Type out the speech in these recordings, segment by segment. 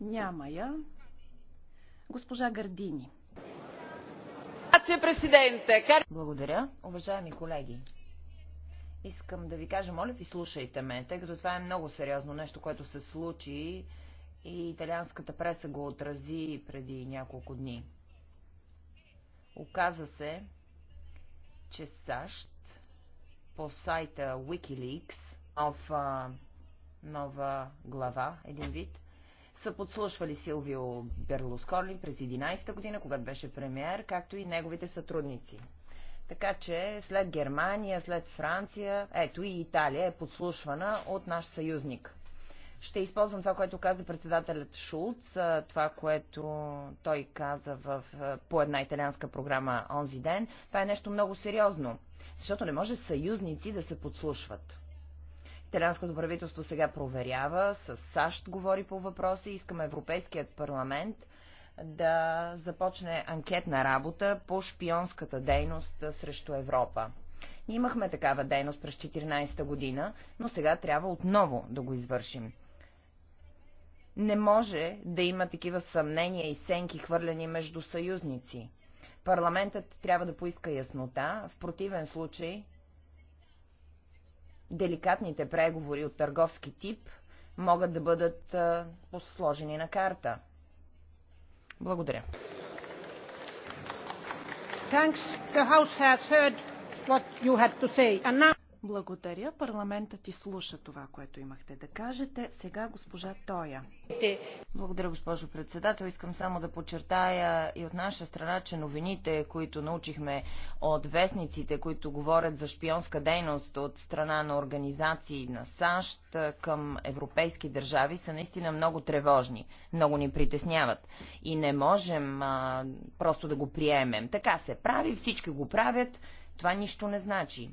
Няма я. Госпожа Гардини. Благодаря, уважаеми колеги. Искам да ви кажа, моля ви, слушайте ме, тъй като това е много сериозно нещо, което се случи и италианската преса го отрази преди няколко дни. Оказа се, че САЩ по сайта Wikileaks нов, нова глава, един вид – са подслушвали Силвио Берлускони през 11-та година, когато беше премьер, както и неговите сътрудници. Така че след Германия, след Франция, ето и Италия е подслушвана от наш съюзник. Ще използвам това, което каза председателят Шулц, това, което той каза в, по една италианска програма онзи ден. Това е нещо много сериозно, защото не може съюзници да се подслушват. Италианското правителство сега проверява, с САЩ говори по въпроса и искаме Европейският парламент да започне анкетна работа по шпионската дейност срещу Европа. Ние имахме такава дейност през 14-та година, но сега трябва отново да го извършим. Не може да има такива съмнения и сенки хвърлени между съюзници. Парламентът трябва да поиска яснота, в противен случай деликатните преговори от търговски тип могат да бъдат посложени на карта. Благодаря. Thanks. The House has heard what you had to say. And now... Благодаря. Парламентът ти слуша това, което имахте да кажете. Сега госпожа Тоя. Благодаря, госпожо председател. Искам само да подчертая и от наша страна, че новините, които научихме от вестниците, които говорят за шпионска дейност от страна на организации на САЩ към европейски държави, са наистина много тревожни. Много ни притесняват. И не можем а, просто да го приемем. Така се прави, всички го правят. Това нищо не значи.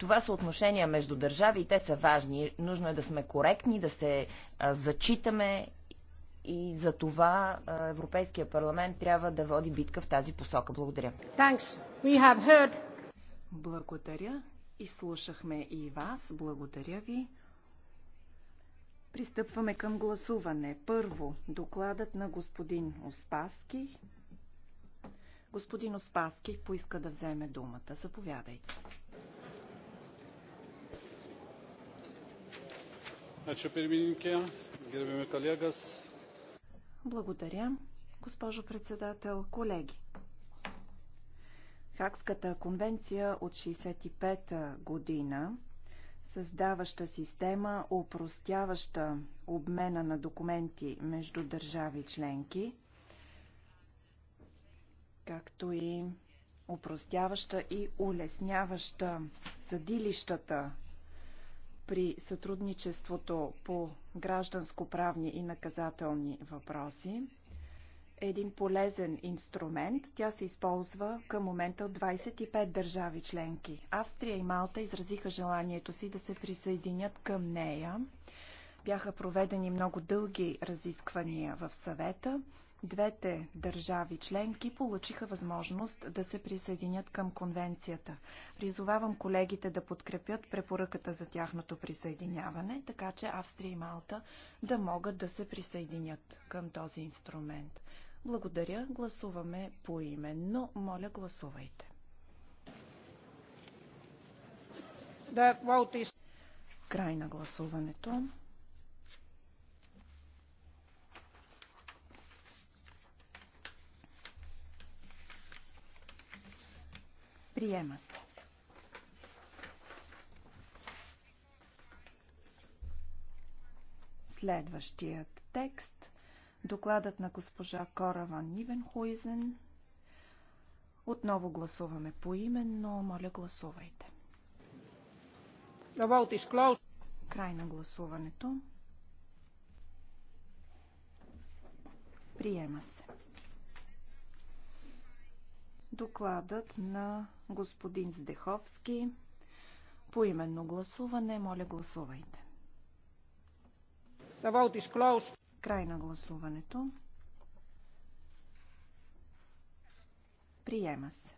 Това са отношения между държави и те са важни. Нужно е да сме коректни, да се а, зачитаме и за това а, Европейския парламент трябва да води битка в тази посока. Благодаря. Thanks. We have heard. Благодаря. слушахме и вас. Благодаря ви. Пристъпваме към гласуване. Първо, докладът на господин Оспаски. Господин Оспаски поиска да вземе думата. Заповядайте. Благодаря, госпожо председател, колеги. Хакската конвенция от 65-та година, създаваща система, упростяваща обмена на документи между държави членки, както и упростяваща и улесняваща съдилищата при сътрудничеството по гражданско-правни и наказателни въпроси е един полезен инструмент. Тя се използва към момента от 25 държави членки. Австрия и Малта изразиха желанието си да се присъединят към нея. Бяха проведени много дълги разисквания в съвета. Двете държави членки получиха възможност да се присъединят към конвенцията. Призовавам колегите да подкрепят препоръката за тяхното присъединяване, така че Австрия и Малта да могат да се присъединят към този инструмент. Благодаря, гласуваме поименно. Моля, гласувайте. Край на гласуването. Приема се. Следващият текст. Докладът на госпожа Кораван Нивенхуизен. Отново гласуваме по но Моля, гласувайте. Край на гласуването. Приема се. Докладът на господин Здеховски. По именно гласуване, моля гласувайте. Край на гласуването. Приема се.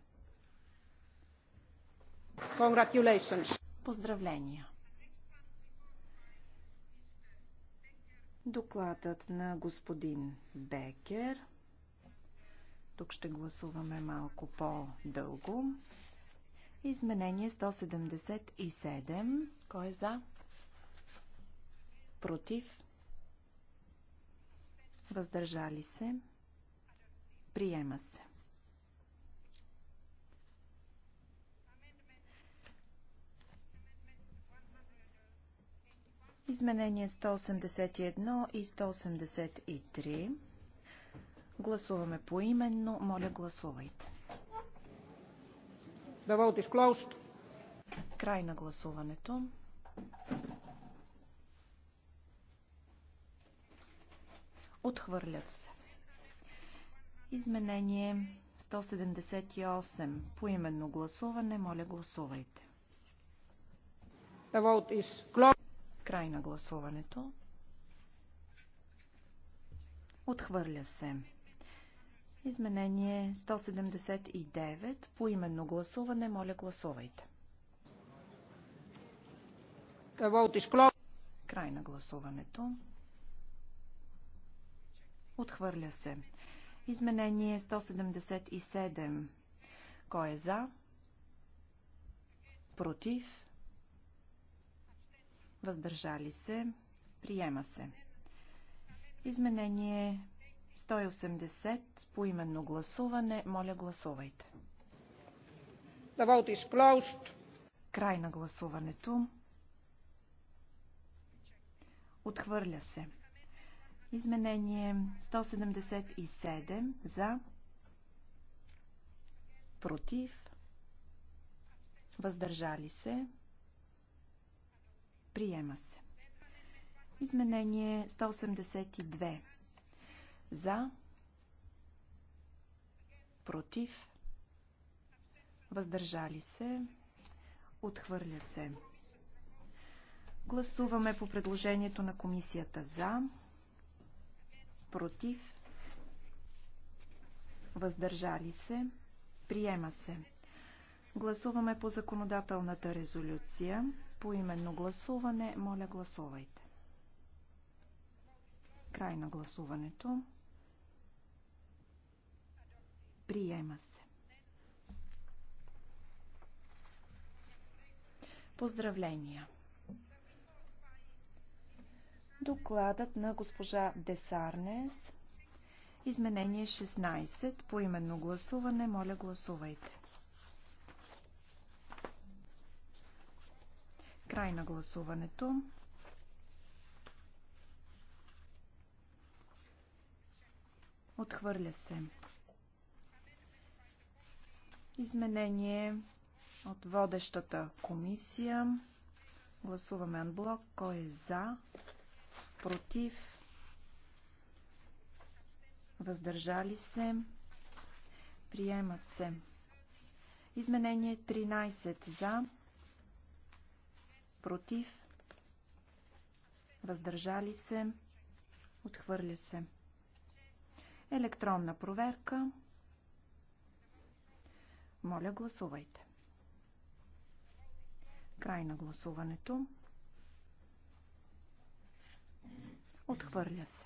Congratulations. Поздравления. Докладът на господин Бекер тук ще гласуваме малко по-дълго. Изменение 177. Кой е за? Против? Въздържали се? Приема се. Изменение 181 и 183. Гласуваме поименно. Моля, гласувайте. Да vote is Край на гласуването. Отхвърлят се. Изменение 178. Поименно гласуване. Моля, гласувайте. Край на гласуването. Отхвърля се. Изменение 179. По именно гласуване. Моля, гласувайте. Край на гласуването. Отхвърля се. Изменение 177. Кой е за? Против? Въздържали се? Приема се. Изменение 180 по именно гласуване. Моля, гласувайте. The vote is closed. Край на гласуването. Отхвърля се. Изменение 177 за, против, въздържали се, приема се. Изменение 182 за. Против. Въздържали се. Отхвърля се. Гласуваме по предложението на комисията за. Против. Въздържали се. Приема се. Гласуваме по законодателната резолюция. По именно гласуване, моля гласувайте. Край на гласуването. Приема се. Поздравления! Докладът на госпожа Десарнес. Изменение 16. По именно гласуване. Моля, гласувайте. Край на гласуването. Отхвърля се. Изменение от водещата комисия. Гласуваме анблок. Кой е за? Против? Въздържали се? Приемат се. Изменение 13 за. Против? Въздържали се? Отхвърля се. Електронна проверка. Моля, гласувайте. Край на гласуването. Отхвърля се.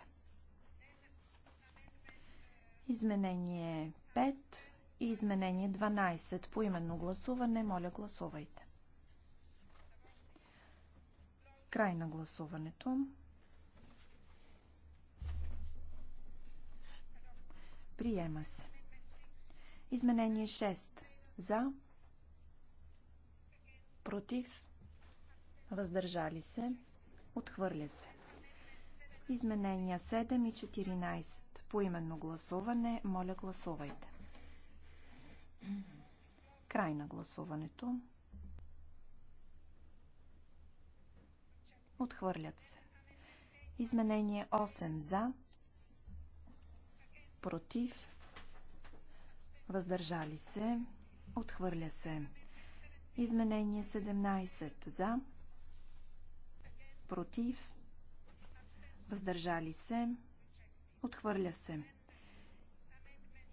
Изменение 5 и изменение 12. По именно гласуване, моля гласувайте. Край на гласуването. Приема се. Изменение 6. За. Против. Въздържали се. Отхвърля се. Изменения 7 и 14. По именно гласуване. Моля гласувайте. Край на гласуването. Отхвърлят се. Изменение 8 за. Против въздържали се, отхвърля се. Изменение 17 за, против, въздържали се, отхвърля се.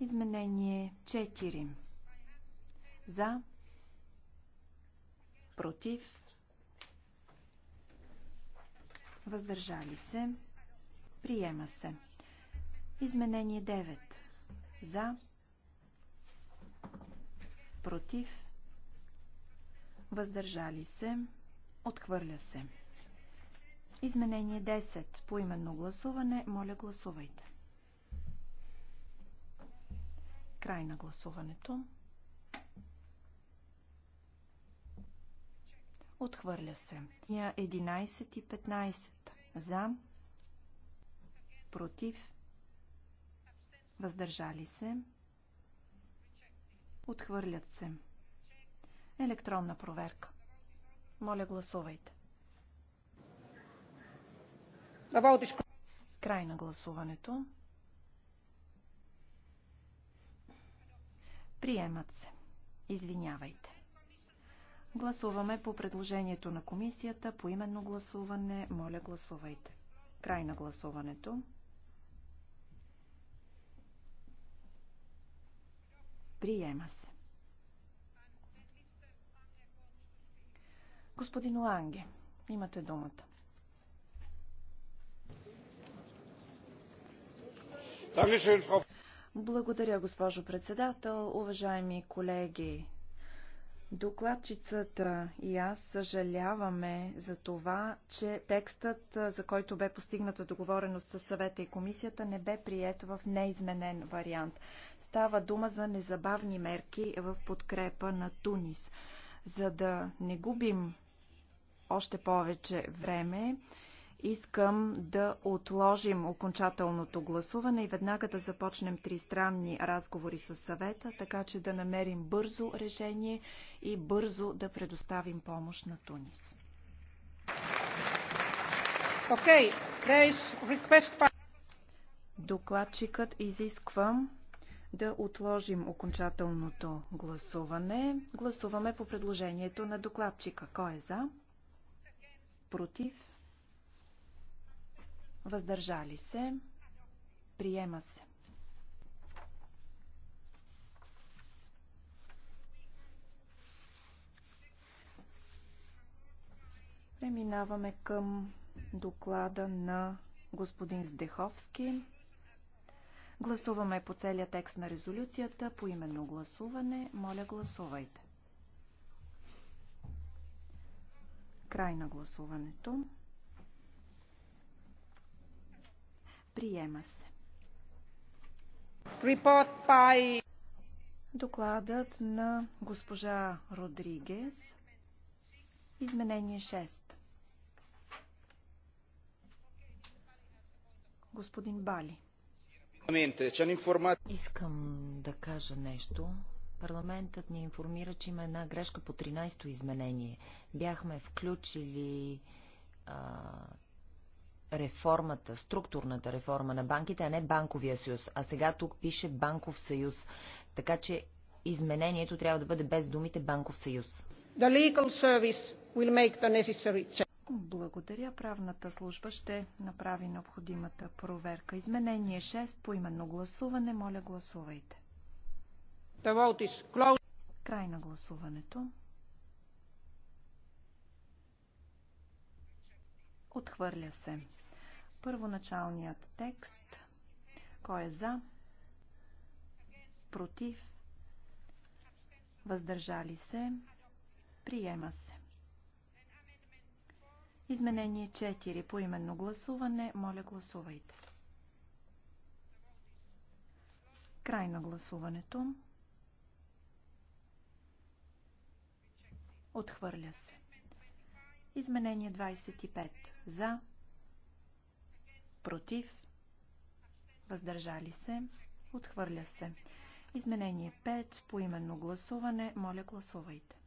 Изменение 4 за, против, въздържали се, приема се. Изменение 9 за, против, против, въздържали се, отхвърля се. Изменение 10. По именно гласуване, моля гласувайте. Край на гласуването. Отхвърля се. 11 и 15. За. Против. Въздържали се. Отхвърлят се. Електронна проверка. Моля, гласувайте. Край на гласуването. Приемат се. Извинявайте. Гласуваме по предложението на комисията по именно гласуване. Моля, гласувайте. Край на гласуването. Приема се. Господин Ланге, имате думата. Благодаря, госпожо председател. Уважаеми колеги, докладчицата и аз съжаляваме за това, че текстът, за който бе постигната договореност с съвета и комисията, не бе прият в неизменен вариант. Става дума за незабавни мерки в подкрепа на Тунис. За да не губим още повече време, искам да отложим окончателното гласуване и веднага да започнем тристранни разговори с съвета, така че да намерим бързо решение и бързо да предоставим помощ на Тунис. Okay. Докладчикът изисква да отложим окончателното гласуване. Гласуваме по предложението на докладчика. Кой е за? Против? Въздържали се? Приема се. Преминаваме към доклада на господин Здеховски. Гласуваме по целия текст на резолюцията по именно гласуване. Моля, гласувайте. Край на гласуването. Приема се. Report by... Докладът на госпожа Родригес. Изменение 6. Господин Бали. Искам да кажа нещо. Парламентът ни информира, че има една грешка по 13-то изменение. Бяхме включили а, реформата, структурната реформа на банките, а не банковия съюз. А сега тук пише банков съюз. Така че изменението трябва да бъде без думите банков съюз. The legal service will make the necessary check. Благодаря. Правната служба ще направи необходимата проверка. Изменение 6 по именно гласуване. Моля, гласувайте. Край на гласуването. Отхвърля се. Първоначалният текст. Кой е за? Против? Въздържали се? Приема се. Изменение 4 по именно гласуване. Моля гласувайте. Край на гласуването. Отхвърля се. Изменение 25. За. Против. Въздържали се. Отхвърля се. Изменение 5. По именно гласуване. Моля гласувайте.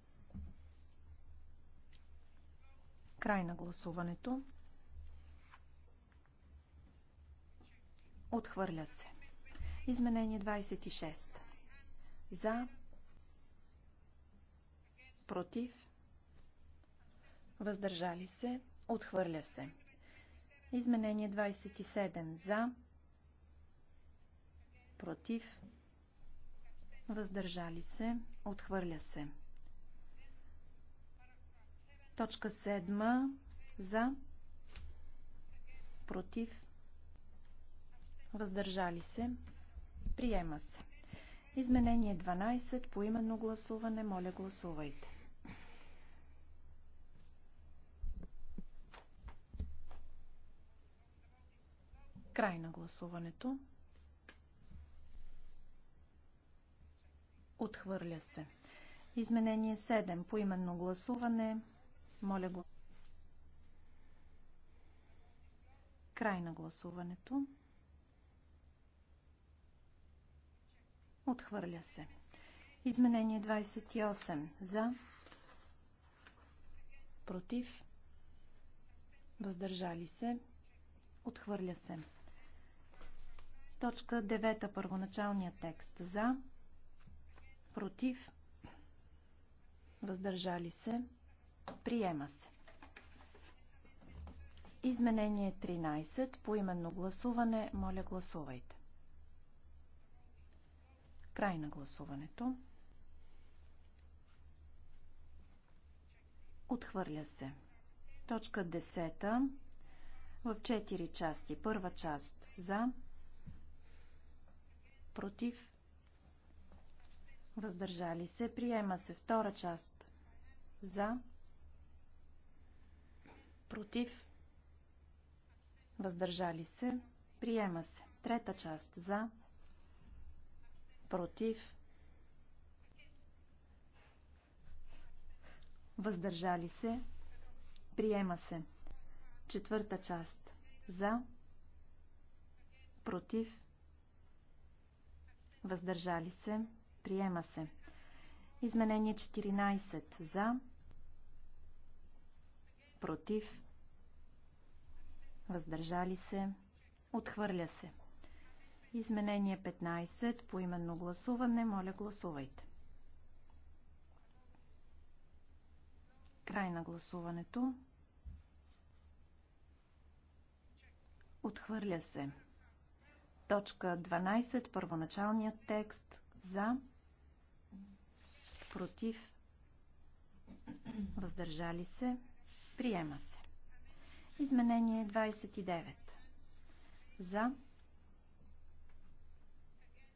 Край на гласуването. Отхвърля се. Изменение 26. За. Против. Въздържали се. Отхвърля се. Изменение 27. За. Против. Въздържали се. Отхвърля се. Точка 7 за, против, въздържали се, приема се. Изменение 12 по именно гласуване, моля гласувайте. Край на гласуването. Отхвърля се. Изменение 7 по именно гласуване, моля го. Край на гласуването. Отхвърля се. Изменение 28. За. Против. Въздържали се. Отхвърля се. Точка 9. Първоначалния текст. За. Против. Въздържали се. Приема се. Изменение 13. По именно гласуване. Моля гласувайте. Край на гласуването. Отхвърля се. Точка 10. В 4 части. Първа част за. Против. Въздържали се. Приема се втора част за. Против. Въздържали се. Приема се. Трета част. За. Против. Въздържали се. Приема се. Четвърта част. За. Против. Въздържали се. Приема се. Изменение 14. За против, въздържали се, отхвърля се. Изменение 15 по именно гласуване. Моля, гласувайте. Край на гласуването. Отхвърля се. Точка 12. Първоначалният текст. За. Против. Въздържали се. Приема се. Изменение 29. За.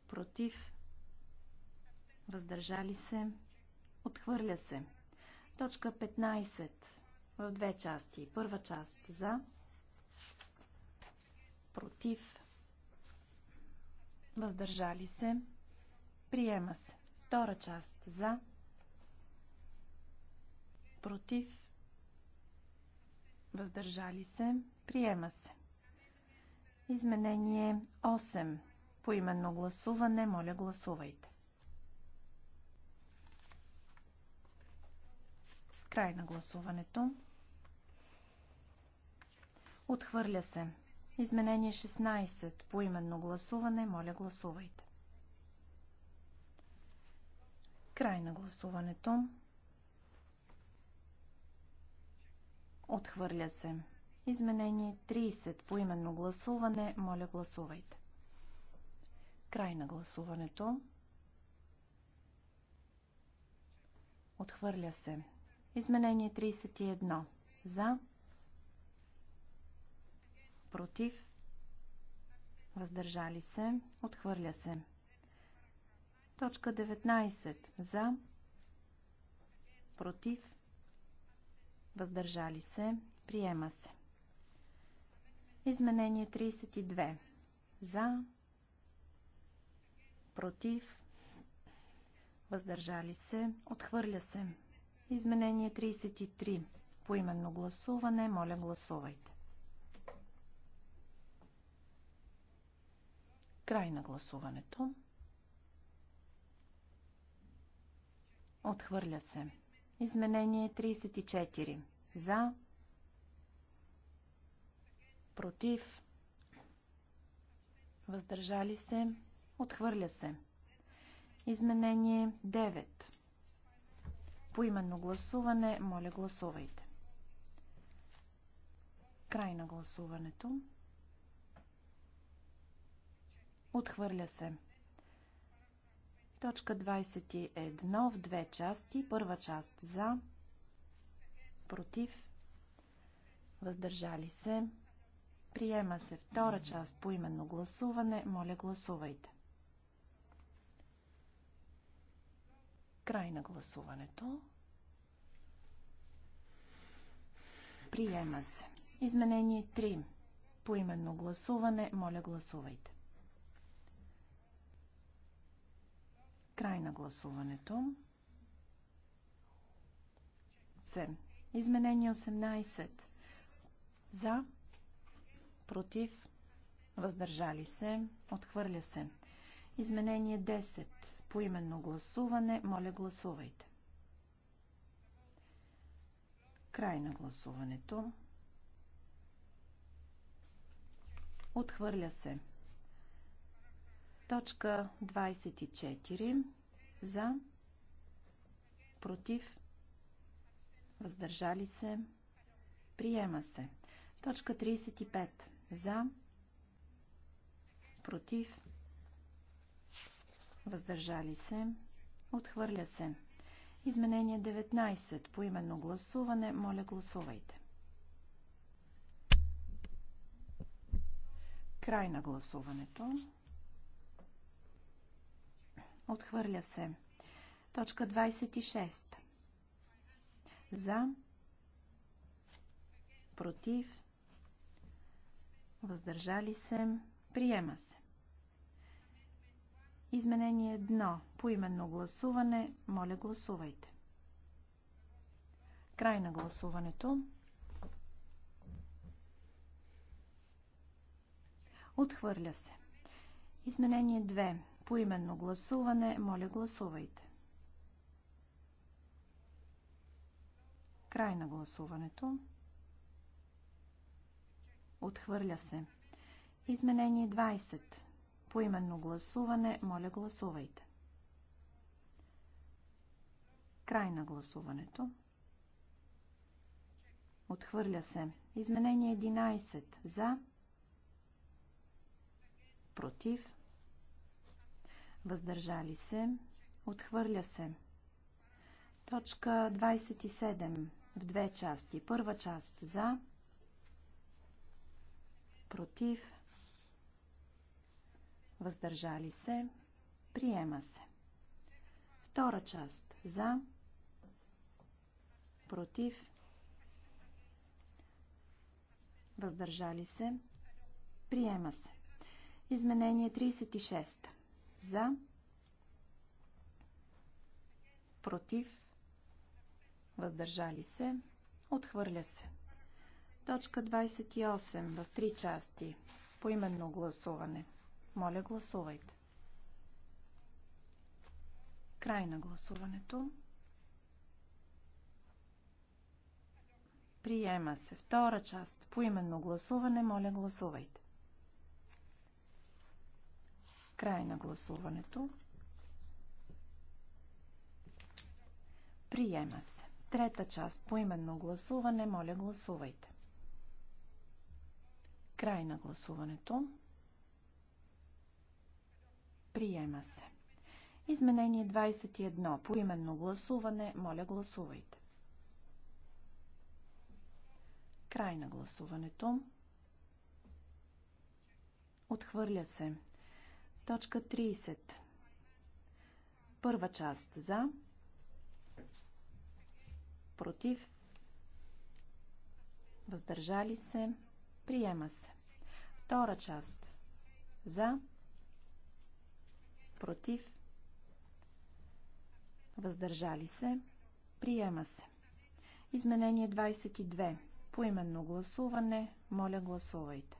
Против. Въздържали се. Отхвърля се. Точка 15. В две части. Първа част. За. Против. Въздържали се. Приема се. Втора част. За. Против въздържали се, приема се. Изменение 8. По именно гласуване, моля гласувайте. Край на гласуването. Отхвърля се. Изменение 16. По именно гласуване, моля гласувайте. Край на гласуването. Отхвърля се. Изменение 30 по именно гласуване. Моля гласувайте. Край на гласуването. Отхвърля се. Изменение 31. За. Против. Въздържали се. Отхвърля се. Точка 19. За. Против въздържали се, приема се. Изменение 32. За, против, въздържали се, отхвърля се. Изменение 33. Поименно гласуване, моля гласувайте. Край на гласуването. Отхвърля се. Изменение 34. За. Против. Въздържали се. Отхвърля се. Изменение 9. Поименно гласуване. Моля, гласувайте. Край на гласуването. Отхвърля се. Точка 21 в две части. Първа част за, против, въздържали се. Приема се втора част по именно гласуване. Моля гласувайте. Край на гласуването. Приема се. Изменение 3. По именно гласуване. Моля гласувайте. Край на гласуването. Се. Изменение 18. За. Против. Въздържали се. Отхвърля се. Изменение 10. Поименно гласуване. Моля гласувайте. Край на гласуването. Отхвърля се. Точка 24. За. Против. Въздържали се. Приема се. Точка 35. За. Против. Въздържали се. Отхвърля се. Изменение 19. По именно гласуване. Моля гласувайте. Край на гласуването. Отхвърля се. Точка 26. За. Против. Въздържали се. Приема се. Изменение 1. Поименно гласуване. Моля гласувайте. Край на гласуването. Отхвърля се. Изменение 2. Поименно гласуване, моля гласувайте. Край на гласуването. Отхвърля се. Изменение 20. Поименно гласуване, моля гласувайте. Край на гласуването. Отхвърля се. Изменение 11. За. Против въздържали се, отхвърля се. Точка 27 в две части. Първа част за, против, въздържали се, приема се. Втора част за, против, въздържали се, приема се. Изменение 36. За. Против. Въздържали се. Отхвърля се. Точка 28 в три части. Поименно гласуване. Моля, гласувайте. Край на гласуването. Приема се втора част. Поименно гласуване. Моля, гласувайте. Край на гласуването. Приема се. Трета част по именно гласуване. Моля, гласувайте. Край на гласуването. Приема се. Изменение 21. По именно гласуване. Моля, гласувайте. Край на гласуването. Отхвърля се. Точка 30. Първа част за. Против. Въздържали се. Приема се. Втора част. За. Против. Въздържали се. Приема се. Изменение 22. Поименно гласуване. Моля гласувайте.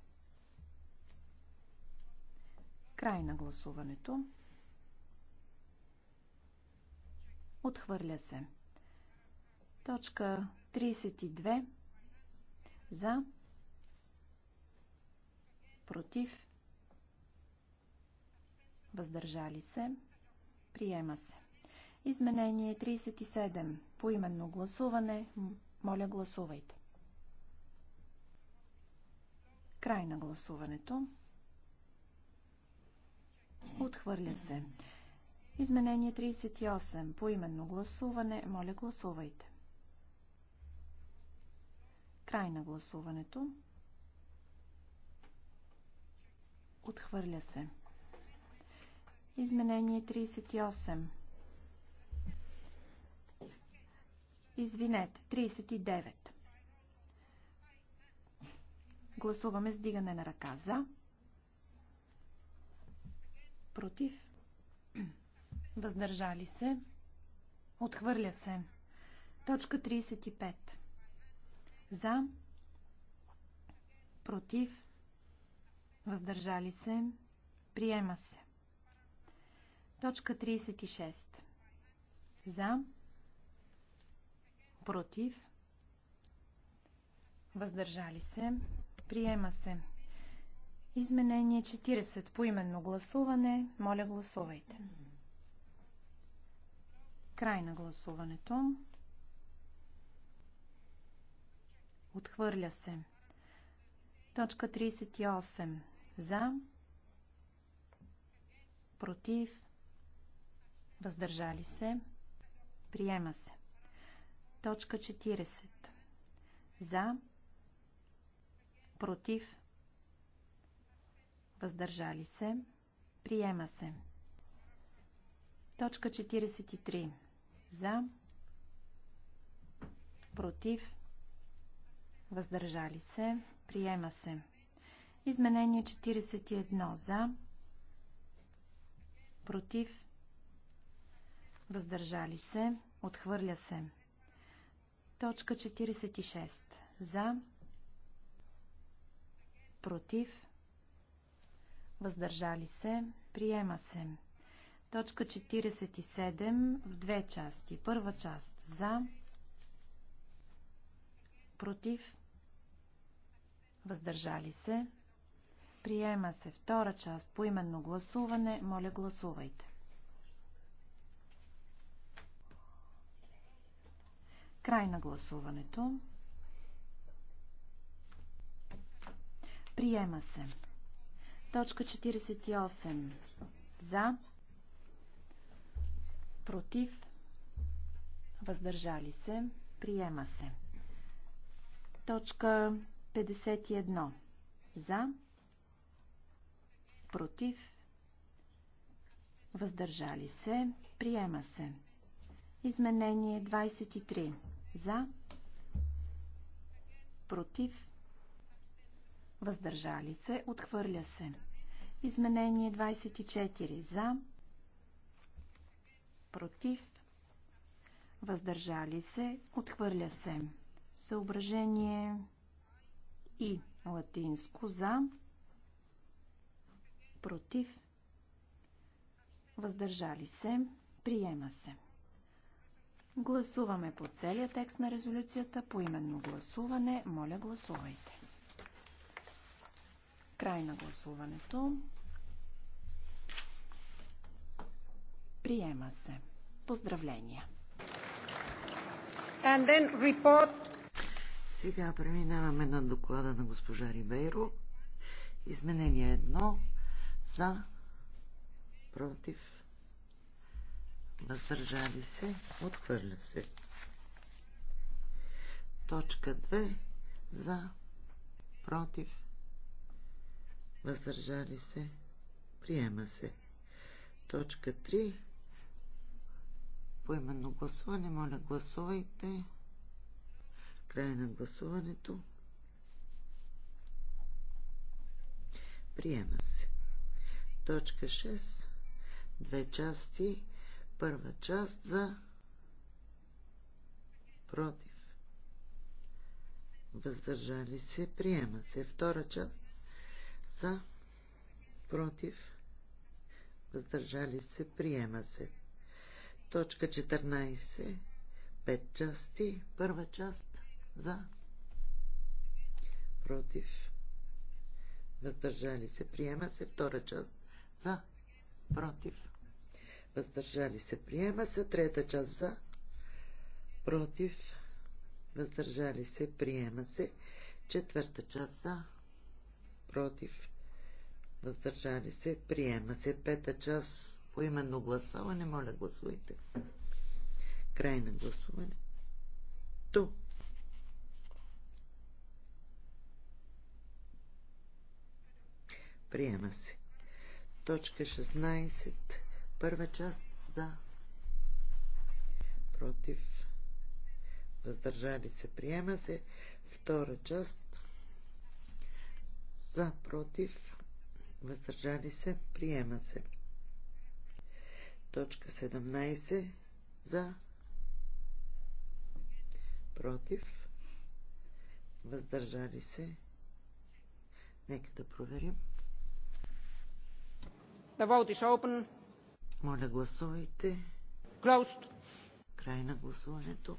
Край на гласуването. Отхвърля се. Точка 32. За. Против. Въздържали се. Приема се. Изменение 37. Поименно гласуване. Моля, гласувайте. Край на гласуването. Отхвърля се. Изменение 38. По именно гласуване. Моля, гласувайте. Край на гласуването. Отхвърля се. Изменение 38. Извинете, 39. Гласуваме с дигане на ръка за. Против. Въздържали се. Отхвърля се. Точка 35. За. Против. Въздържали се. Приема се. Точка 36. За. Против. Въздържали се. Приема се. Изменение 40. По именно гласуване. Моля гласувайте. Край на гласуването. Отхвърля се. Точка 38. За. Против. Въздържали се. Приема се. Точка 40. За. Против въздържали се, приема се. Точка 43. За, против, въздържали се, приема се. Изменение 41. За, против, въздържали се, отхвърля се. Точка 46. За, против, въздържали се, приема се. Точка 47 в две части. Първа част за, против, въздържали се, приема се. Втора част по именно гласуване, моля гласувайте. Край на гласуването. Приема се. Точка 48. За. Против. Въздържали се. Приема се. Точка 51. За. Против. Въздържали се. Приема се. Изменение 23. За. Против въздържали се, отхвърля се. Изменение 24 за, против, въздържали се, отхвърля се. Съображение и латинско за, против, въздържали се, приема се. Гласуваме по целия текст на резолюцията по именно гласуване. Моля, гласувайте. Край на гласуването. Приема се. Поздравления! And then report. Сега преминаваме на доклада на госпожа Рибейро. Изменение едно за против въздържали се, отхвърля се. Точка 2 за против въздържали се, приема се. Точка 3. Поименно гласуване. Моля, гласувайте. Край на гласуването. Приема се. Точка 6. Две части. Първа част за против. Въздържали се. Приема се. Втора част за. Против. Въздържали се. Приема се. Точка 14. Пет части. Първа част. За. Против. Въздържали се. Приема се. Втора част. За. Против. Въздържали се. Приема се. Трета част. За. Против. Въздържали се. Приема се. Четвърта част. За против, въздържали се, приема се. Пета част по именно гласуване, моля гласувайте. Край на То. Приема се. Точка 16. Първа част за. Против. Въздържали се. Приема се. Втора част за, против, въздържали се, приема се. Точка 17. За, против, въздържали се. Нека да проверим. The vote is open. Моля, гласувайте. Closed. Край на гласуването.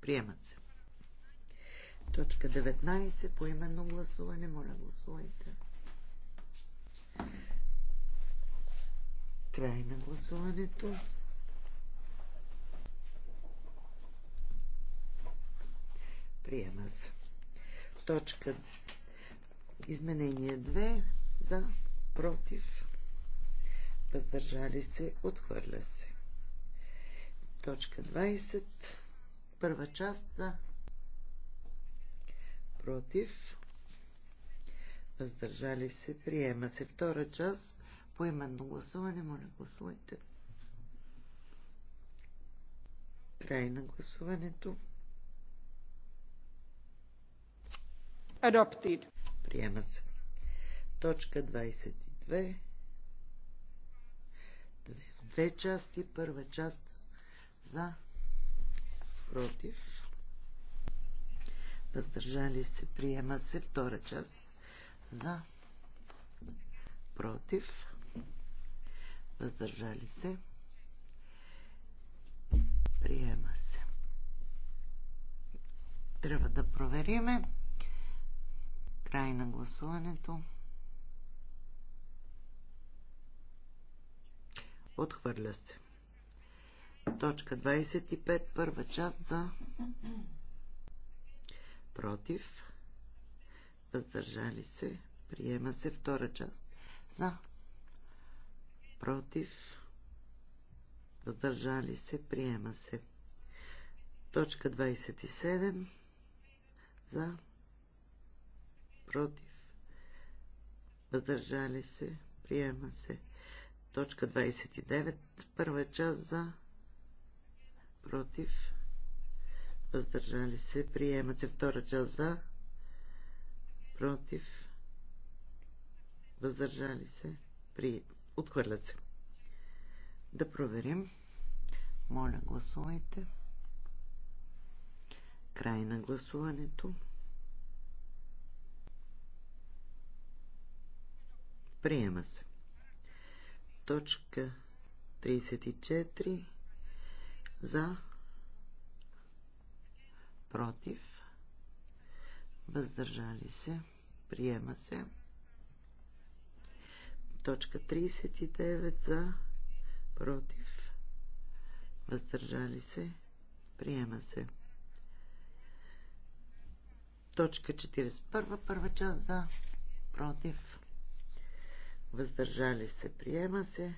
Приемат се. Точка 19. по именно гласуване. Моля, гласувайте. Край на гласуването. Приема се. Точка изменение 2 за против. Въздържали се. Отхвърля се. Точка 20. Първа част за против, въздържали се, приема се. Втора част, именно гласуване, моля гласувайте. Край на гласуването. Adopted. Приема се. Точка 22. две части. Първа част за против въздържали се, приема се. Втора част за, против, въздържали се, приема се. Трябва да провериме. Край на гласуването. Отхвърля се. Точка 25, първа част за против, въздържали се, приема се втора част. За, против, въздържали се, приема се. Точка 27 за, против, въздържали се, приема се. Точка 29, първа част за, против, въздържали се, приема се втора част за, против, въздържали се, при... отхвърлят се. Да проверим. Моля, гласувайте. Край на гласуването. Приема се. Точка 34 за против, въздържали се, приема се. Точка 39 за, против, въздържали се, приема се. Точка 41, първа част за, против, въздържали се, приема се.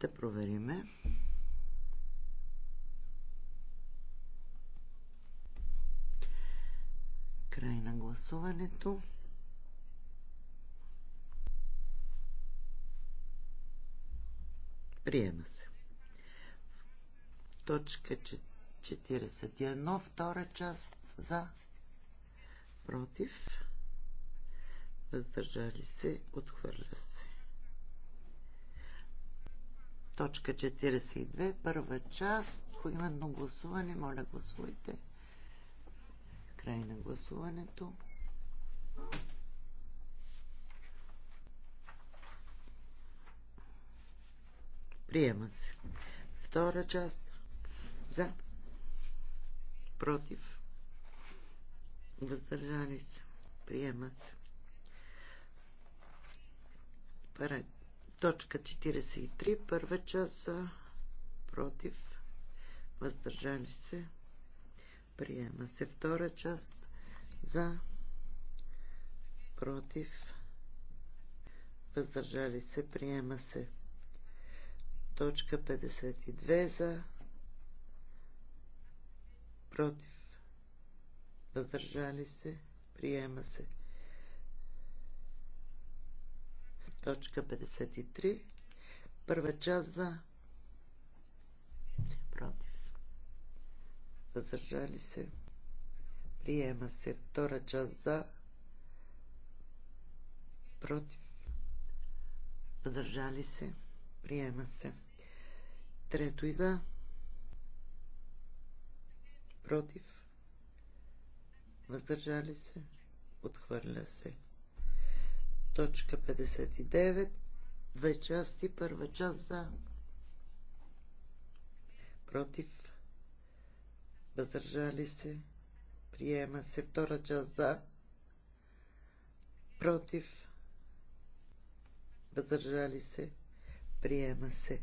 Да провериме. Край на гласуването. Приема се. Точка 41, втора част за, против, въздържали се, отхвърля се. Точка 42, първа част, поименно гласуване, моля гласувайте. Край на гласуването. Приема се. Втора част. За. Против. Въздържали се. Приема се. Пара... Точка 43. Първа част за. Против. Въздържали се. Приема се втора част за, против, въздържали се, приема се. Точка 52 за, против, въздържали се, приема се. Точка 53, първа част за, против въздържали се, приема се. Втора част за, против, въздържали се, приема се. Трето и за, против, въздържали се, отхвърля се. Точка 59, две части, първа част за, против, въздържали се, приема се втора част за, против, въздържали се, приема се.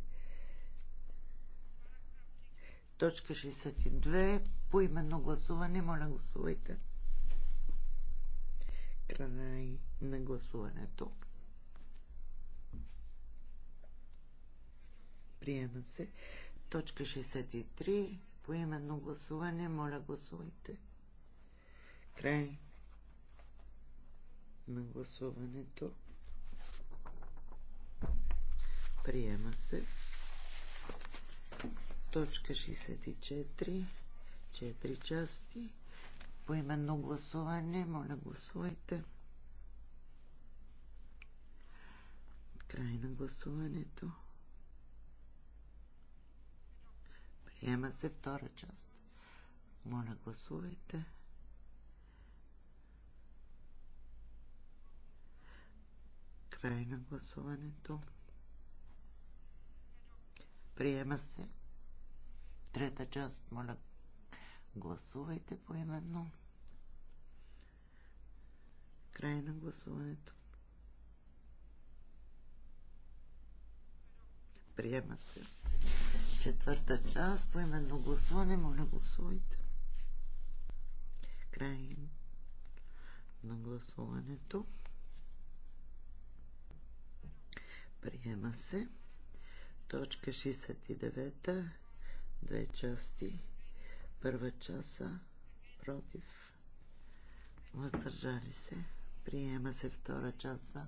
Точка 62, по именно гласуване, моля гласувайте. Край на гласуването. Приема се. Точка 63 поименно гласуване. Моля, гласувайте. Край на гласуването. Приема се. Точка 64. 4 части. Поименно гласуване. Моля, гласувайте. Край на гласуването. Приема се втора част. Моля, гласувайте. Край на гласуването. Приема се. Трета част, моля, гласувайте поименно. Край на гласуването. Приема се четвърта част, по именно гласуване, моля гласувайте. Край на гласуването. Приема се. Точка 69. Две части. Първа часа против. Въздържали се. Приема се втора часа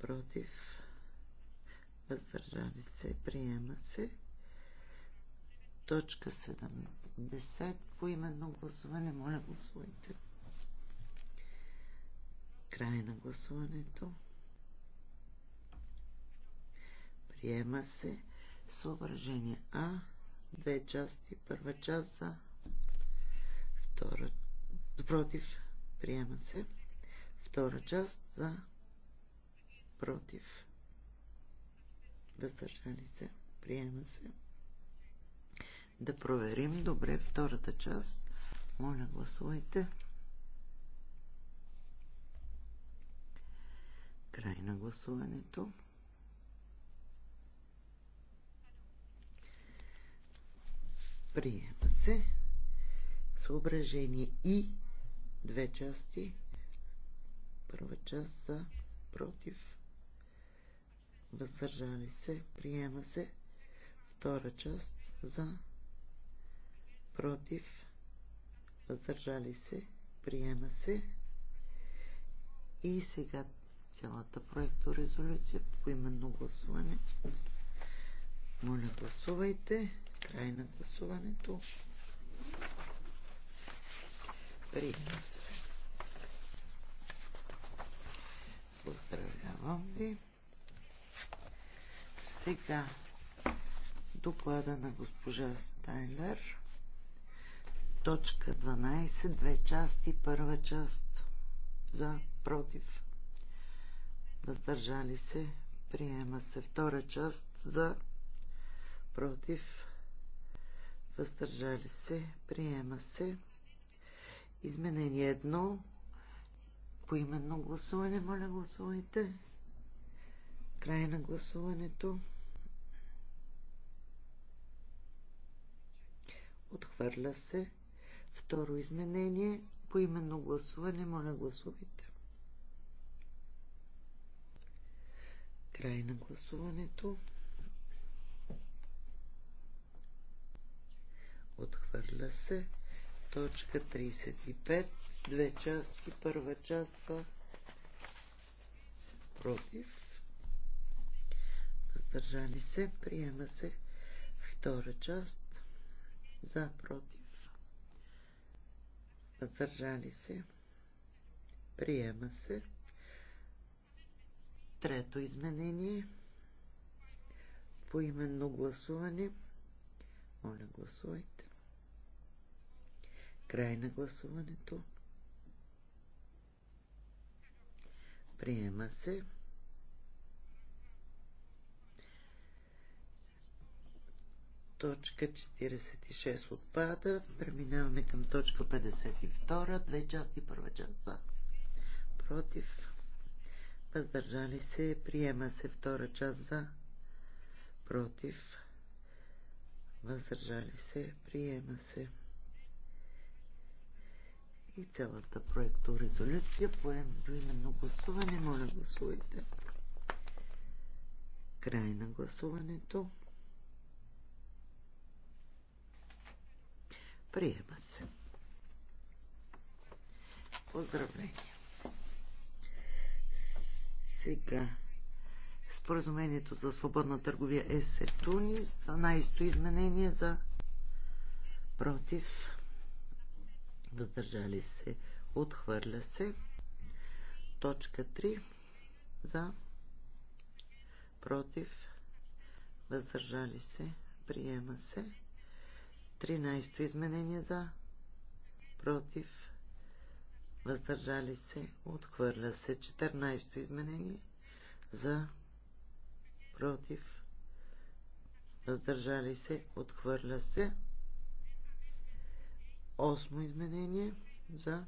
против въздържали се, приема се. Точка 70 по именно гласуване. Моля, гласувайте. Край на гласуването. Приема се съображение А. Две части. Първа част за. Втора. Против. Приема се. Втора част за. Против. Въздържали се. Приема се. Да проверим. Добре, втората част. Моля, гласувайте. Край на гласуването. Приема се. Съображение и две части. Първа част за против. Въздържали се. Приема се. Втора част за против, въздържали се, приема се. И сега цялата проекторезолюция по именно гласуване. Моля, гласувайте. Край на гласуването. Приема се. Поздравявам ви. Сега доклада на госпожа Стайлер. Точка 12, две части, първа част за, против, въздържали се, приема се втора част за, против, въздържали се, приема се. Изменение едно, поименно гласуване, моля гласувайте. Край на гласуването. Отхвърля се. Второ изменение по именно гласуване. Моля, гласувайте. Край на гласуването. Отхвърля се. Точка 35. Две части. Първа част против. Въздържали се. Приема се. Втора част. За против въздържали се, приема се. Трето изменение по именно гласуване. Моля, гласувайте. Край на гласуването. Приема се. Точка 46 отпада. Преминаваме към точка 52. Две части, първа част за. Против. Въздържали се. Приема се втора част за. Против. Въздържали се. Приема се. И цялата резолюция по именно гласуване. Моля, гласувайте. Край на гласуването. Приема се. Поздравление. Сега. Споразумението за свободна търговия е се Тунис. 12-то изменение за против. Въздържали се. Отхвърля се. Точка 3 за против. Въздържали се. Приема се. 13 изменение за, против, въздържали се, отхвърля се. 14 то изменение за, против, въздържали се, отхвърля се. 8-то изменение за,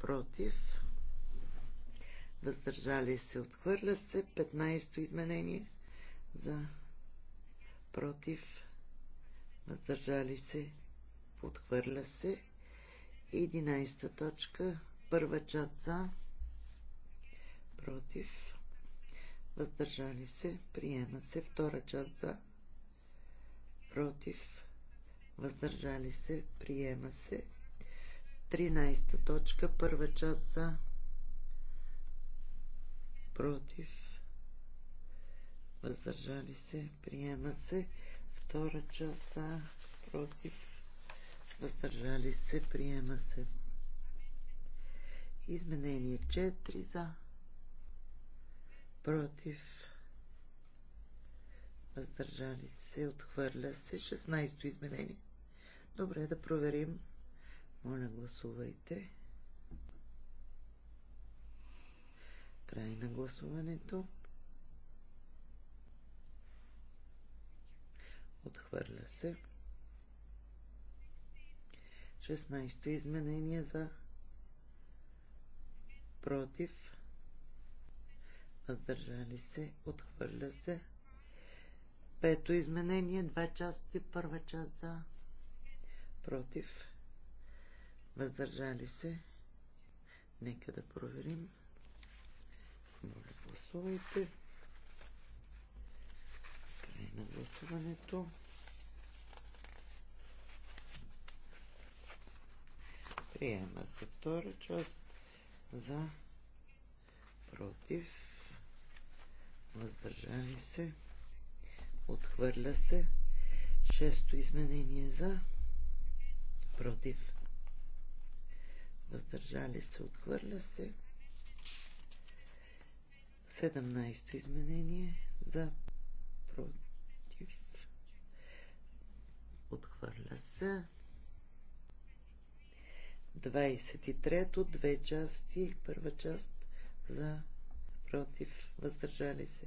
против, въздържали се, отхвърля се. 15 то изменение за, против, въздържали се, подхвърля се. 11 точка, първа част за, против, въздържали се, приема се, втора част за, против, въздържали се, приема се. 13 точка, първа част за, против, въздържали се, приема се. Втора част за, против, въздържали се, приема се. Изменение 4 за, против, въздържали се, отхвърля се. 16-то изменение. Добре, да проверим. Моля, гласувайте. Край на гласуването. Отхвърля се. 16-то изменение за против. Въздържали се. Отхвърля се. Пето изменение. Два части. Първа част за против. Въздържали се. Нека да проверим. Моля, гласувайте на гласуването. Приема се втора част за против въздържали се отхвърля се шесто изменение за против въздържали се отхвърля се 17 изменение за против Отхвърля се. 23-то, две части, първа част за, против, въздържали се.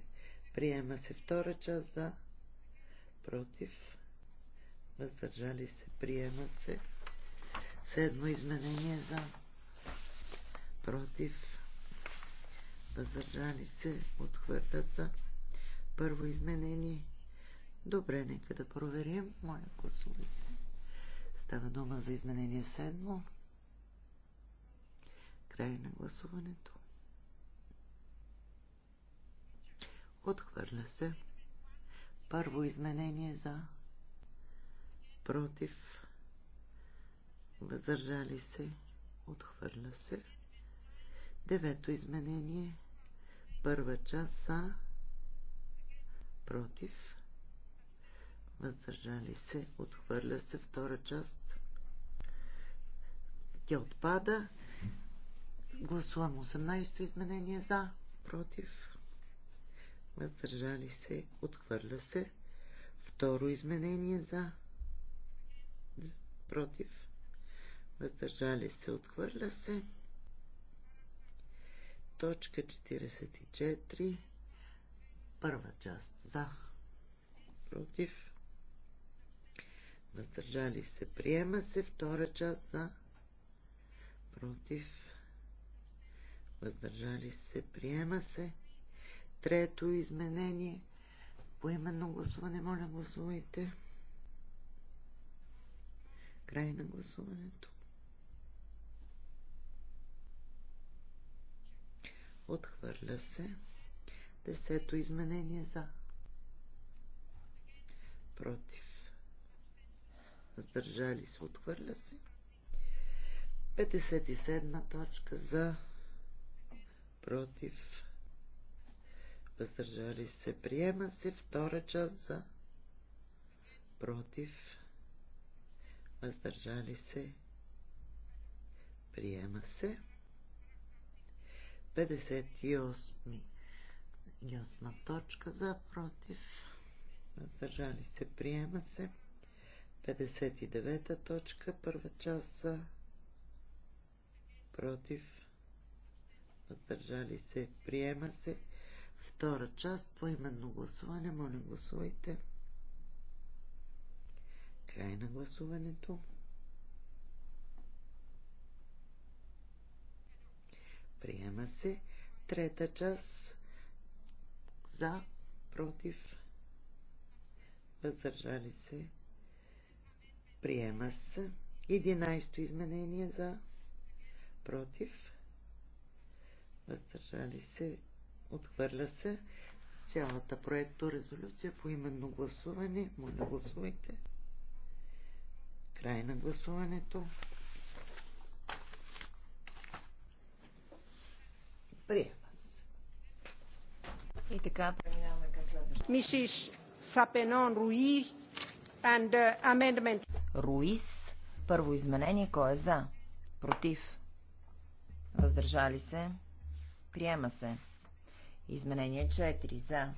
Приема се втора част за, против, въздържали се. Приема се. Седмо изменение за, против, въздържали се. Отхвърля се. Първо изменение Добре, нека да проверим. моя гласувайте. Става дума за изменение седмо. Край на гласуването. Отхвърля се. Първо изменение за против. Въздържали се. Отхвърля се. Девето изменение. Първа част за против въздържали се, отхвърля се втора част. Тя отпада. Гласувам 18-то изменение за, против, въздържали се, отхвърля се. Второ изменение за, против, въздържали се, отхвърля се. Точка 44, първа част за, против, въздържали се, приема се, втора част за, против, въздържали се, приема се, трето изменение, поименно гласуване, моля гласувайте, край на гласуването. Отхвърля се. Десето изменение за. Против въздържали се, отхвърля се. 57 точка за против въздържали се, приема се. Втора част за против въздържали се, приема се. 58 точка за против въздържали се, приема се. 59-та точка, първа част за против, въздържали се, приема се. Втора част поименно гласуване, моля гласувайте. Край на гласуването. Приема се. Трета част за, против, въздържали се, Приема се. 11-то изменение за против. Въздържали се. Отхвърля се. Цялата проекто резолюция по именно гласуване. Моля, гласувайте. Край на гласуването. Приема се. И така преминаваме към следващото. мишиш Сапенон Руи and uh, amendment Руис. Първо изменение. Кой е за? Против. Въздържали се. Приема се. Изменение 4. За.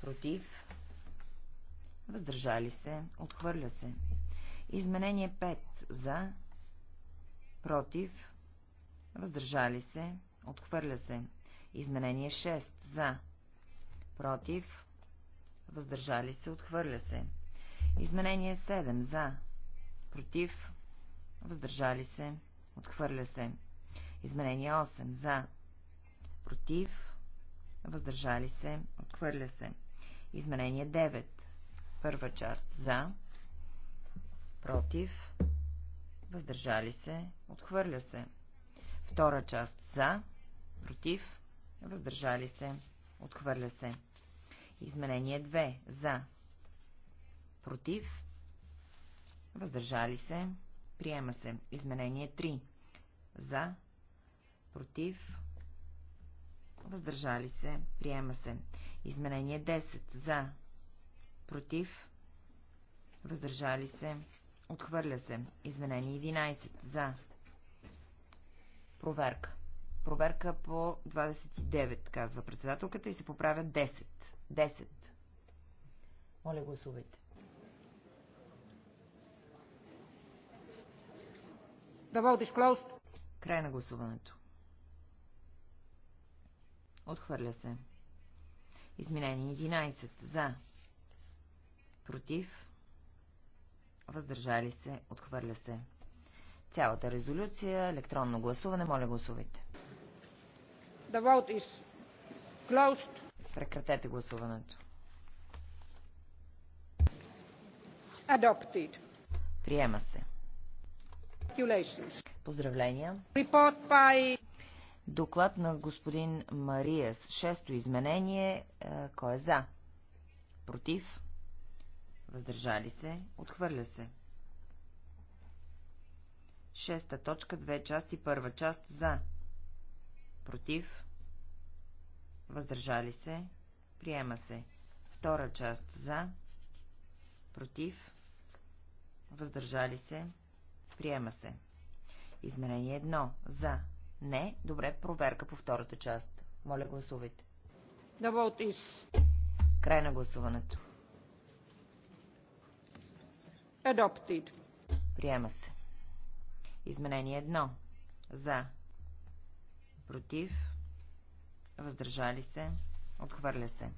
Против. Въздържали се. Отхвърля се. Изменение 5. За. Против. Въздържали се. Отхвърля се. Изменение 6. За. Против. Въздържали се. Отхвърля се. Изменение 7. За. Против. Въздържали се. Отхвърля се. Изменение 8. За. Против. Въздържали се. Отхвърля се. Изменение 9. Първа част. За. Против. Въздържали се. Отхвърля се. Втора част. За. Против. Въздържали се. Отхвърля се. Изменение 2. За против, въздържали се, приема се. Изменение 3 за, против, въздържали се, приема се. Изменение 10 за, против, въздържали се, отхвърля се. Изменение 11 за, проверка. Проверка по 29, казва председателката и се поправя 10. 10. Моля, гласувайте. да водиш is Край на гласуването. Отхвърля се. Изменение 11. За. Против. Въздържали се. Отхвърля се. Цялата резолюция, електронно гласуване, моля гласувайте. Да водиш is Прекратете гласуването. Адоптит. Приема се. Поздравления. Доклад на господин Мария с шесто изменение. Е, кой е за? Против? Въздържали се? Отхвърля се. Шеста точка, две части, първа част за. Против? Въздържали се? Приема се. Втора част за. Против? Въздържали се? Приема се. Изменение 1. За. Не. Добре, проверка по втората част. Моля, гласувайте. Да вот Край на гласуването. Adopted. Приема се. Изменение 1. За. Против. Въздържали се. Отхвърля се.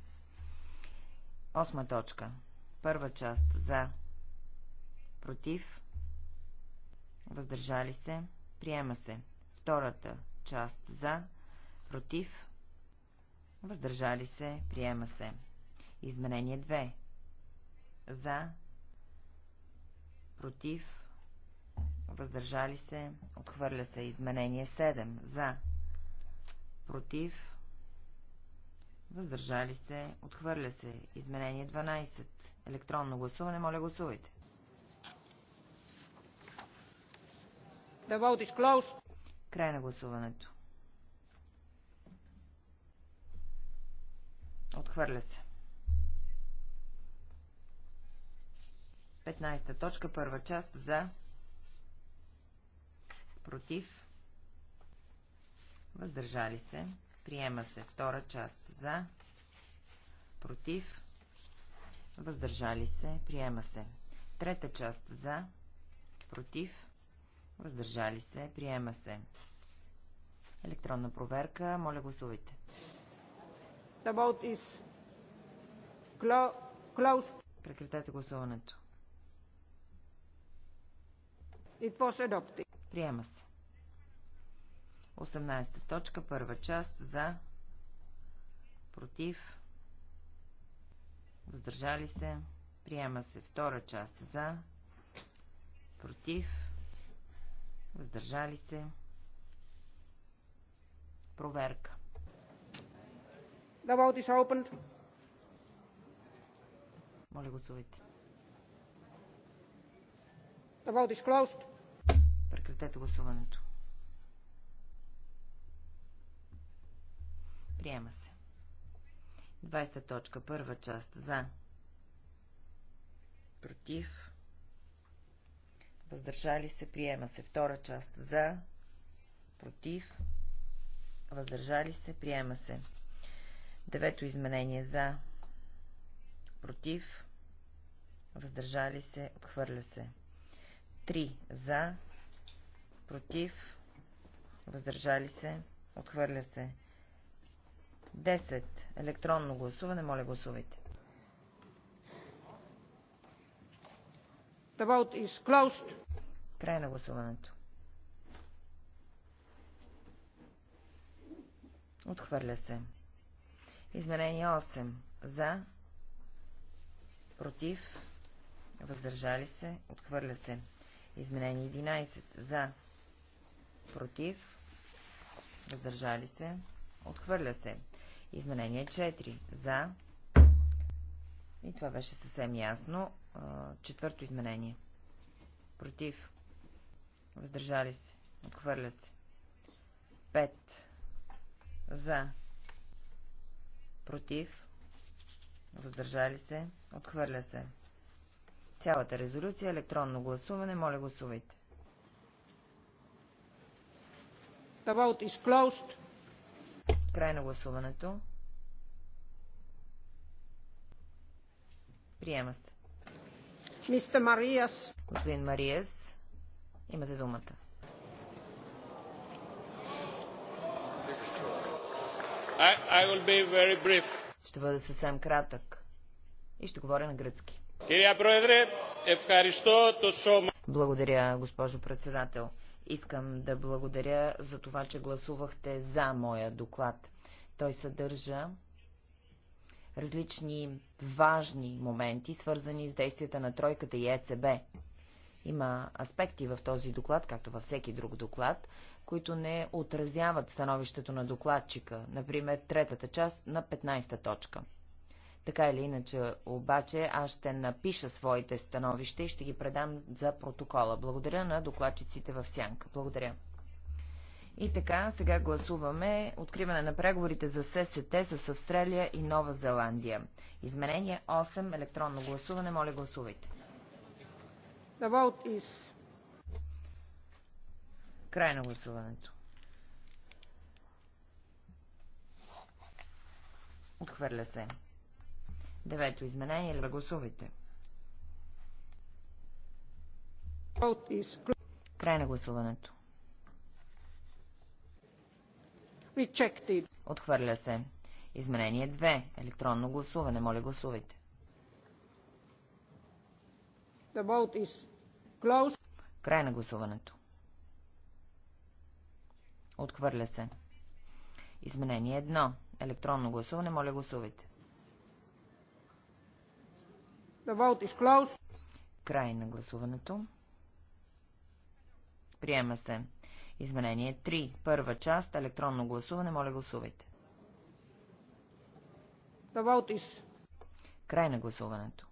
Осма точка. Първа част. За. Против въздържали се, приема се. Втората част за, против, въздържали се, приема се. Изменение 2. За, против, въздържали се, отхвърля се. Изменение 7. За, против, въздържали се, отхвърля се. Изменение 12. Електронно гласуване, моля гласувайте. The vote is closed. Край на гласуването. Отхвърля се. 15-та точка, първа част за против въздържали се. Приема се втора част за против въздържали се. Приема се. Трета част за против Въздържали се. Приема се. Електронна проверка. Моля гласувайте. The vote is closed. Прекратете гласуването. It was adopted. Приема се. 18 точка, първа част за против въздържали се. Приема се втора част за против въздържали се. Проверка. The vote is opened. Моля гласувайте. The vote is closed. Прекратете гласуването. Приема се. 20 точка, първа част. За. Против въздържали се, приема се. Втора част за, против, въздържали се, приема се. Девето изменение за, против, въздържали се, отхвърля се. 3 за, против, въздържали се, отхвърля се. 10. Електронно гласуване, моля гласувайте. The vote is closed. Край на гласуването. Отхвърля се. Изменение 8. За. Против. Въздържали се. Отхвърля се. Изменение 11. За. Против. Въздържали се. Отхвърля се. Изменение 4. За. И това беше съвсем ясно четвърто изменение. Против. Въздържали се. Отхвърля се. Пет За. Против. Въздържали се. Отхвърля се. Цялата резолюция електронно гласуване. Моля гласувайте. The vote is closed. Край на гласуването. Приема се. Мистер Мариас. Господин Мариас, имате думата. I, I will be very brief. Ще бъда съвсем кратък и ще говоря на гръцки. Благодаря, госпожо председател. Искам да благодаря за това, че гласувахте за моя доклад. Той съдържа различни важни моменти, свързани с действията на Тройката и ЕЦБ. Има аспекти в този доклад, както във всеки друг доклад, които не отразяват становището на докладчика, например третата част на 15-та точка. Така или иначе, обаче, аз ще напиша своите становища и ще ги предам за протокола. Благодаря на докладчиците в Сянка. Благодаря. И така, сега гласуваме откриване на преговорите за ССТ с Австралия и Нова Зеландия. Изменение 8, електронно гласуване. Моля, гласувайте. The vote is... Край на гласуването. Отхвърля се. Девето изменение. Да гласувайте. Край на гласуването. Rejected. Отхвърля се. Изменение 2. Електронно гласуване. Моля гласувайте. The vote is closed. Край на гласуването. Отхвърля се. Изменение 1. Електронно гласуване. Моля гласувайте. The vote is closed. Край на гласуването. Приема се. Изменение 3. Първа част. Електронно гласуване. Моля гласувайте. Давалтис. Край на гласуването.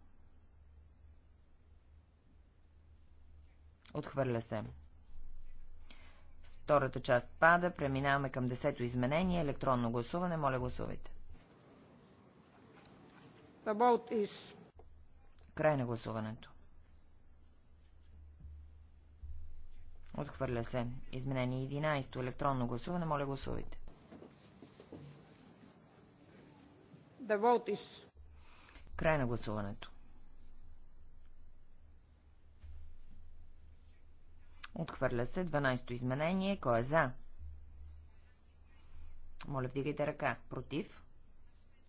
Отхвърля се. Втората част пада. Преминаваме към десето изменение. Електронно гласуване. Моля гласувайте. Край на гласуването. Отхвърля се. Изменение 11. Електронно гласуване. Моля гласувайте. Да vote Край на гласуването. Отхвърля се. 12-то изменение. Кой е за? Моля, вдигайте ръка. Против?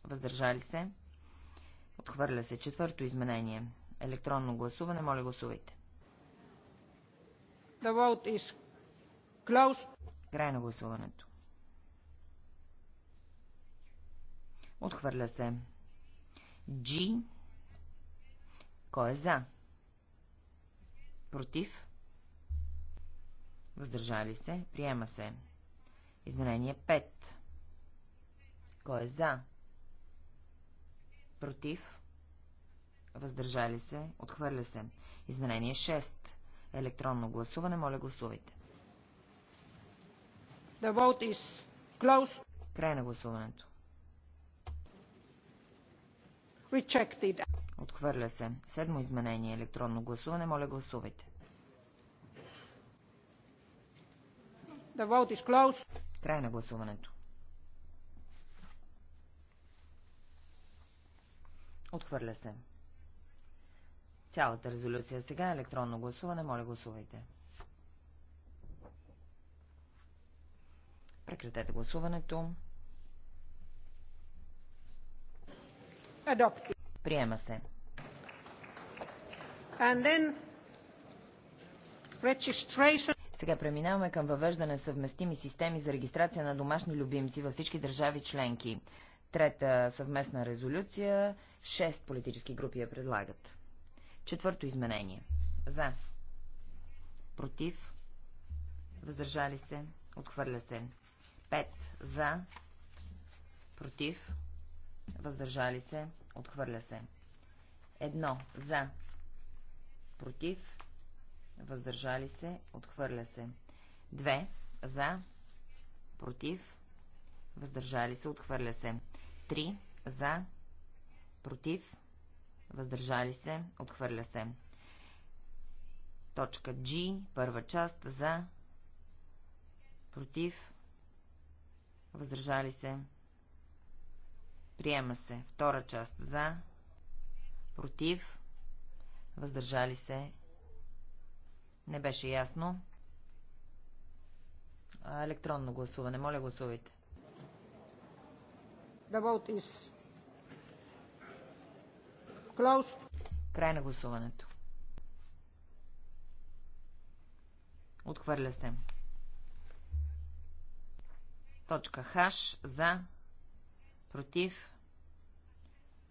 Въздържали се? Отхвърля се. Четвърто изменение. Електронно гласуване. Моля, гласувайте. The vote is closed. Край на гласуването. Отхвърля се. G. Кой е за? Против? Въздържали се. Приема се. Изменение 5. Кой е за? Против? Въздържали се. Отхвърля се. Изменение 6 електронно гласуване. Моля, гласувайте. The vote is closed. Край на гласуването. Rejected. Отхвърля се. Седмо изменение. Електронно гласуване. Моля, гласувайте. The vote is closed. Край на гласуването. Отхвърля се цялата резолюция. Сега електронно гласуване. Моля, гласувайте. Прекратете гласуването. Адопти. Приема се. And then registration... Сега преминаваме към въвеждане съвместими системи за регистрация на домашни любимци във всички държави членки. Трета съвместна резолюция, шест политически групи я предлагат. Четвърто изменение. За. Против. Въздържали се. Отхвърля се. 5. За. Против. Въздържали се. Отхвърля се. Едно. За. Против. Въздържали се. Отхвърля се. 2. За. Против. Въздържали се. Отхвърля се. 3. За. Против въздържали се, отхвърля се. Точка G, първа част, за, против, въздържали се, приема се. Втора част, за, против, въздържали се, не беше ясно. Електронно гласуване, моля гласувайте. The vote is Клаус. Край на гласуването. Отхвърля се. Точка хаш за, против,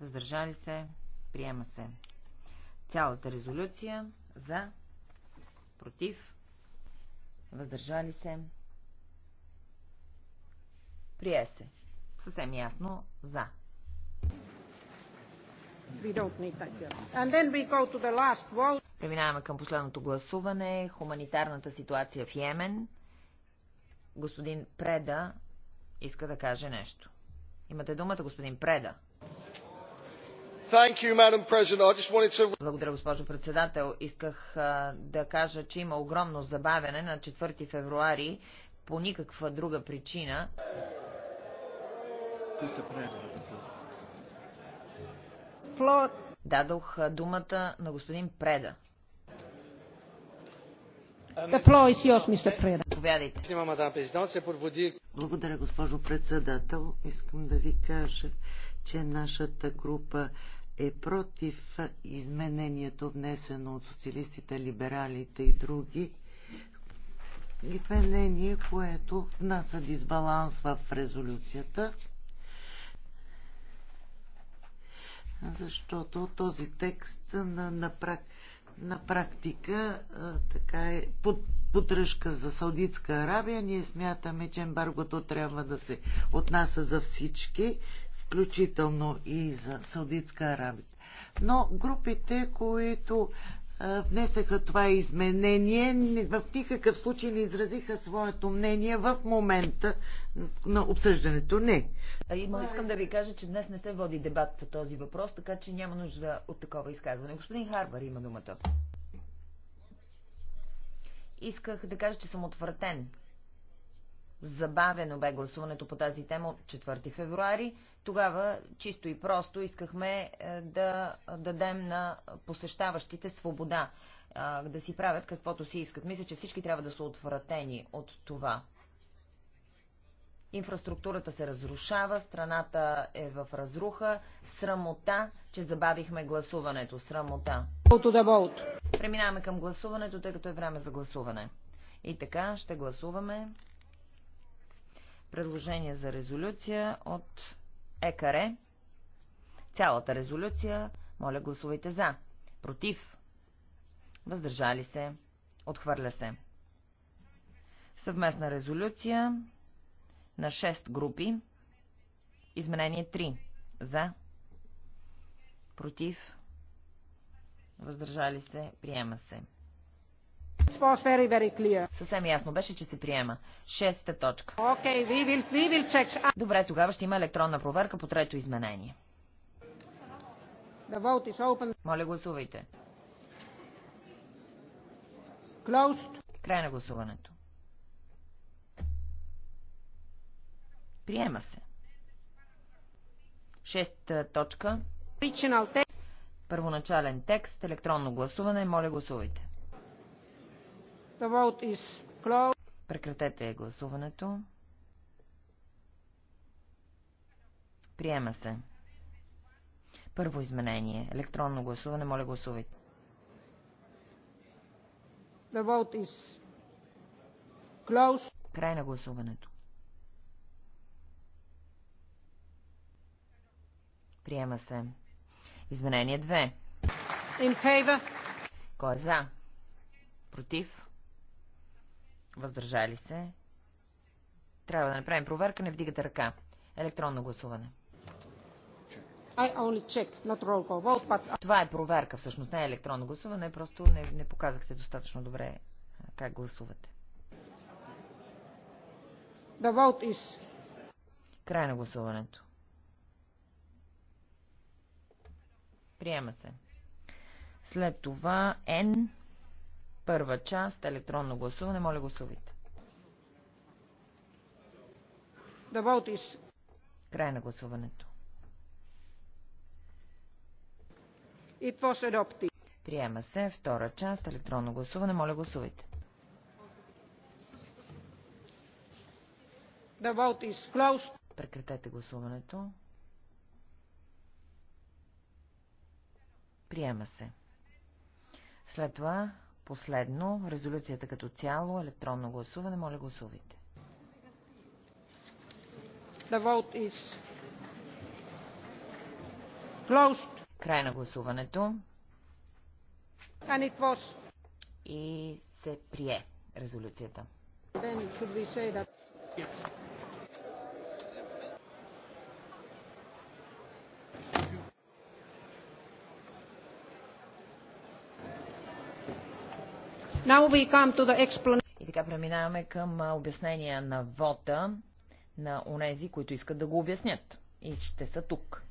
въздържали се, приема се. Цялата резолюция за, против, въздържали се, прие се. Съвсем ясно за. Преминаваме към последното гласуване. Хуманитарната ситуация в Йемен. Господин Преда иска да каже нещо. Имате думата, господин Преда. Благодаря, госпожо председател. Исках а, да кажа, че има огромно забавяне на 4 февруари по никаква друга причина. Дадох думата на господин Преда. Благодаря, госпожо председател. Искам да ви кажа, че нашата група е против изменението, внесено от социалистите, либералите и други. Изменение, което внася дисбаланс в резолюцията защото този текст на, на, прак, на практика а, така е под, подръжка за Саудитска Арабия. Ние смятаме, че ембаргото трябва да се отнася за всички, включително и за Саудитска Арабия. Но групите, които внесаха това изменение, в никакъв случай не изразиха своето мнение в момента на обсъждането. Не. Има, искам да ви кажа, че днес не се води дебат по този въпрос, така че няма нужда от такова изказване. Господин Харбър има думата. Исках да кажа, че съм отвратен. Забавено бе гласуването по тази тема от 4 февруари. Тогава чисто и просто искахме е, да дадем на посещаващите свобода да си правят каквото си искат. Мисля, че всички трябва да са отвратени от това. Инфраструктурата се разрушава, страната е в разруха. Срамота, че забавихме гласуването. Срамота. Преминаваме към гласуването, тъй като е време за гласуване. И така ще гласуваме предложение за резолюция от ЕКАРЕ. Цялата резолюция, моля гласувайте за. Против. Въздържали се. Отхвърля се. Съвместна резолюция на 6 групи. Изменение 3. За. Против. Въздържали се. Приема се. Very, very Съвсем ясно беше, че се приема. Шеста точка. Okay, we will, we will check... Добре, тогава ще има електронна проверка по трето изменение. Моля, гласувайте. Closed. Край на гласуването. Приема се. Шеста точка. Първоначален текст. Електронно гласуване. Моля гласувайте. Прекратете гласуването. Приема се. Първо изменение. Електронно гласуване. Моля гласувайте. Край на гласуването. Приема се. Изменение 2. In favor. Кой е за? Против? Въздържали се? Трябва да направим проверка, не вдигате ръка. Електронно гласуване. Check, vote, but... Това е проверка, всъщност не е електронно гласуване, просто не, не показахте достатъчно добре как гласувате. The vote is... Край на гласуването. Приема се. След това N, първа част, електронно гласуване. Моля гласувайте. Да болтиш. Край на гласуването. това ще допти. Приема се. Втора част, електронно гласуване. Моля гласувайте. Да болтиш. Прекратете гласуването. Приема се. След това, последно, резолюцията като цяло, електронно гласуване, моля гласувайте. The vote is closed. Край на гласуването. And it was... И се прие резолюцията. Then should we say that... yes. И така преминаваме към обяснения на вота на онези, които искат да го обяснят. И ще са тук.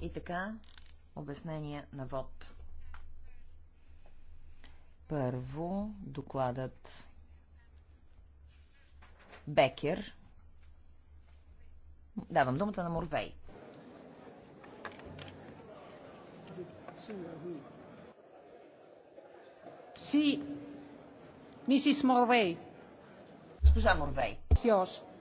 И така, обяснение на вод. Първо, докладът Бекер. Давам думата на Морвей. Си, мисис Морвей. Госпожа Морвей. Си още.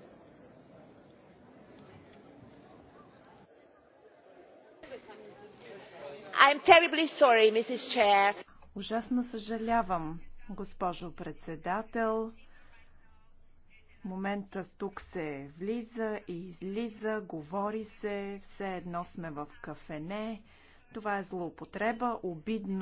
Sorry, Ужасно съжалявам, госпожо председател. Момента тук се влиза и излиза, говори се, все едно сме в кафене. Това е злоупотреба, обидно